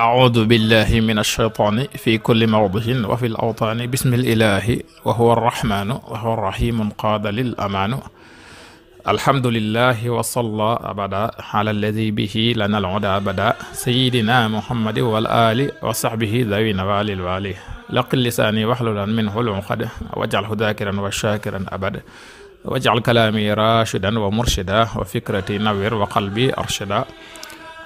acuudu billahi min alshaytaani fi kulli mawdicin wa fi lawtaani bismi lilahi wa huwa arrahmaanu wa huwa arrahimu qaada lil amaanu alhamdulilahi wa salla abada ala alladi bihi lana alhuda abada sayidina muhammadi wal ali wa saxbihi dawi nawaali lwaali laqi lisaani waxlulan min hulum xad wajcalhu daakiran wa shaakiran abad wajcal kalaami raashidan wa murshida wa fikrati nawir wa qalbi arshida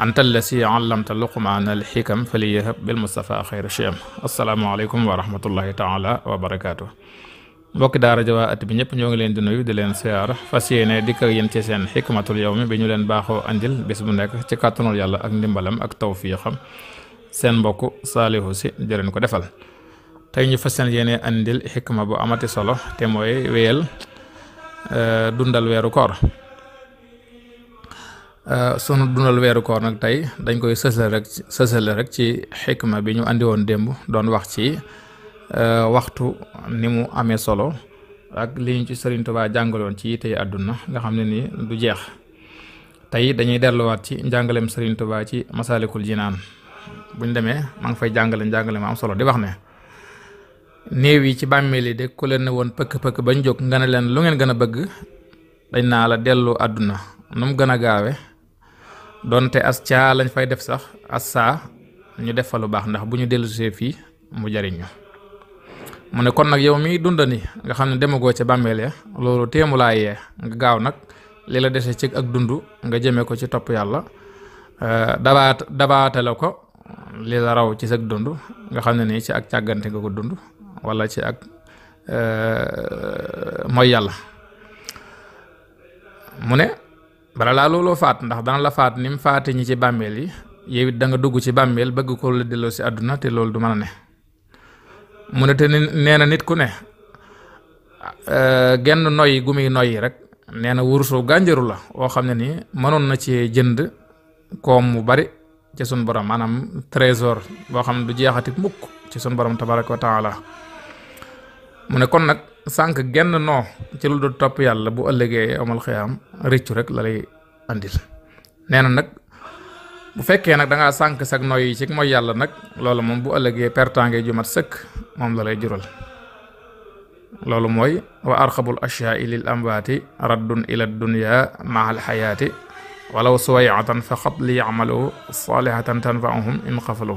anta allasi allamta luqmaana alxikam fali yahab bil mustafa xayra shiyam asalaamaaleykum wa rahmatullahi taala wa barakaatu mbokki daara ja waa at bi ñëpp ñoo ngi leen di nuyu di leen siyaar fas yéene dikk ak yéen ci seen xikmatul yawmi bi ñu leen baaxoo andil bis bu nekk ci kàttanul yàlla ak ndimbalam ak tawfiixam seen mbokk saalihu si jëreen ko defal tey ñu fas yéene andil xikma bu amati solo te mooy wéyal dundal weeru koor Euh, sunu dundal weeru koor nag tey dañ koy sësale rek sësale rek ci xikma bi ñu indi woon démb doon wax ci euh, waxtu ni mu amee solo ak li ñu ci Sëriñ Tuubaa jàngaloon ci tey àdduna nga xam ne ni du jeex tey dañuy delluwaat ci njàngaleem Sëriñ Tuubaa ci Masaalikul Jinaan buñ demee maa ngi fay jàngale njàngale ma am solo di wax ne néew yi ci bàmmeel yi de ku leen woon pëkk-pëkk bañ jóg nga ne leen lu ngeen gën a bëgg dañ naa la dellu àdduna nu mu gën a gaawe donte as caa lañ fay def sax as ñu def fa lu baax ndax bu ñu dellusee fii mu jariñ ñu mu ne kon nag yow mi dunda ni nga xam ne demagoo ca bàmmeele loolu téemu laa yee nga gaaw nag li la dese ci ak dund nga jëmee ko ci topp yàlla euh, dabaat dabaate ko li la raw ci sag dund nga xam ne nii ci ak càggante nga ko dund wala ci ak euh, mooy yàlla mu ne bala laa looloo faat ndax dana la faat ni mu faate ñi ci bàmmeel yi yow it da nga dugg ci bàmmeel bëgg ko la delloo si àdduna te loolu du mën a ne mu ne te nee na nit ku ne eh, genn noyyi gu muy yi rek nee na wursu gànjaru la woo xam ne nii mënoon na ci jënd koom mu bari ci sun borom maanaam trésor boo xam ne du jeexati mukk ci sun borom tabaraka wa taala mu ne kon nag sànq genn noo ci lu dul topp yàlla bu ëllëgee amal xiyaam rëccu rek la lay andil na nag bu fekkee nag danga ngaa sànq sag noy yi ci mooy yàlla nag loolu moom bu ëllëgee pertange ju mat sëkk moom la lay jural loolu mooy wa arxabul ashyaai lil amwaati raddun ila dunya maa alxayaati walaw suwayatan faqat li yacmalu saalihatan tanfaahum in xafalu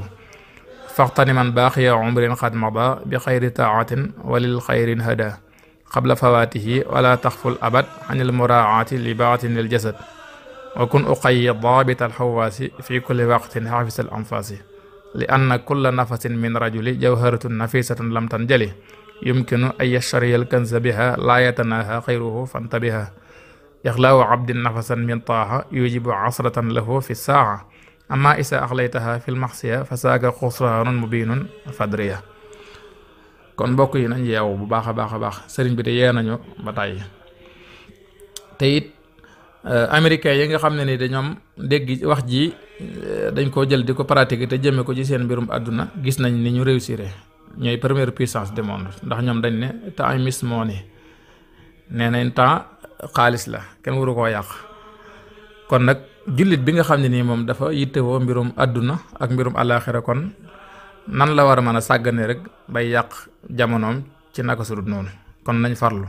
faxtani baaxiya umrin xad mada bi xayri taatin wa lil xayrin hada qabla fawaatihi wala taxful abad an il muraaati li baatin al jasad wa kun uqayi daabita alxawaasi fi kulli waqtin xaafisa al anfaasi li anna kulla nafasin min rajuli jawharatun nafisatun lam tanjali yumkinu an yashtariya alkanza biha laa yatanaaha xayruhu fantabiha ixlaawu abdin nafasan min taaha yujibu asratan lahu fi saaca amma isa axlaytaha fi lmaxsiya fa saaka xusraanun mubinun fadriya kon mbokk yi nañ yeewu bu baax a baax a baax sëriñ bi de yee nañu ba tàyyi te it euh, américains yi nga xam ne ni de ñoom dégg wax ji euh, dañ koo jël di ko yi te jëme ko ci seen mbirum àdduna gis nañ ni ñu réussire ñooy première puissance du monde ndax ñoom dañ ne time is money nee nañ temps xaalis la kenn waru koo yàq kon nag jullit bi nga xam ne nii moom dafa woo mbirum àdduna ak mbirum àllaaxira kon nan la war a mën a sàggane rek bay yàq jamonoom ci naka sudut noonu kon nañ farlu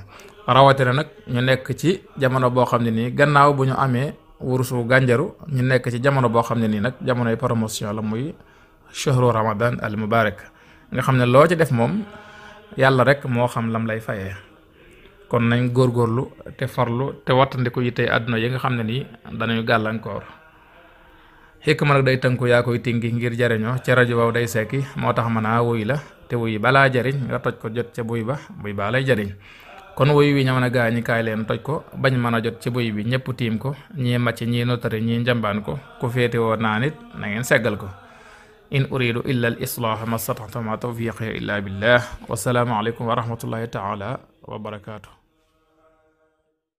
rawatina nag ñu nekk ci jamono boo xam ne nii gannaaw bu ñu amee wurusu gànjaru ñu nekk ci jamono boo xam ne nii nag jamonoy promotion la muy shahru ramadan al mubarak nga xam ne loo ci def moom yàlla rek moo xam lam lay fayee kon nañ góor góorlu te farlu te wattandiku yi tey àdduna yi nga xam ne nii danañu gàllankoor xikma nag day tënku yaa koy tingi ngir jariñoo ca rajo waaw day sekki moo tax mën naa wuy la te wuy balaa jariñ nga toj ko jot ca buy ba buy baa lay jariñ kon wuy wi ñëw na gaa ñi leen toj ko bañ mën a jot ca buy bi ñëpp tiim ko ñii màcc ñii notari ñii njambaan ko ku féete woo naa nit na ngeen seggal ko in uridu illa al ma stata'tu ma tawfiqi illa billah wasalaamu aleykum wa rahmatullahi taala wa barakaatu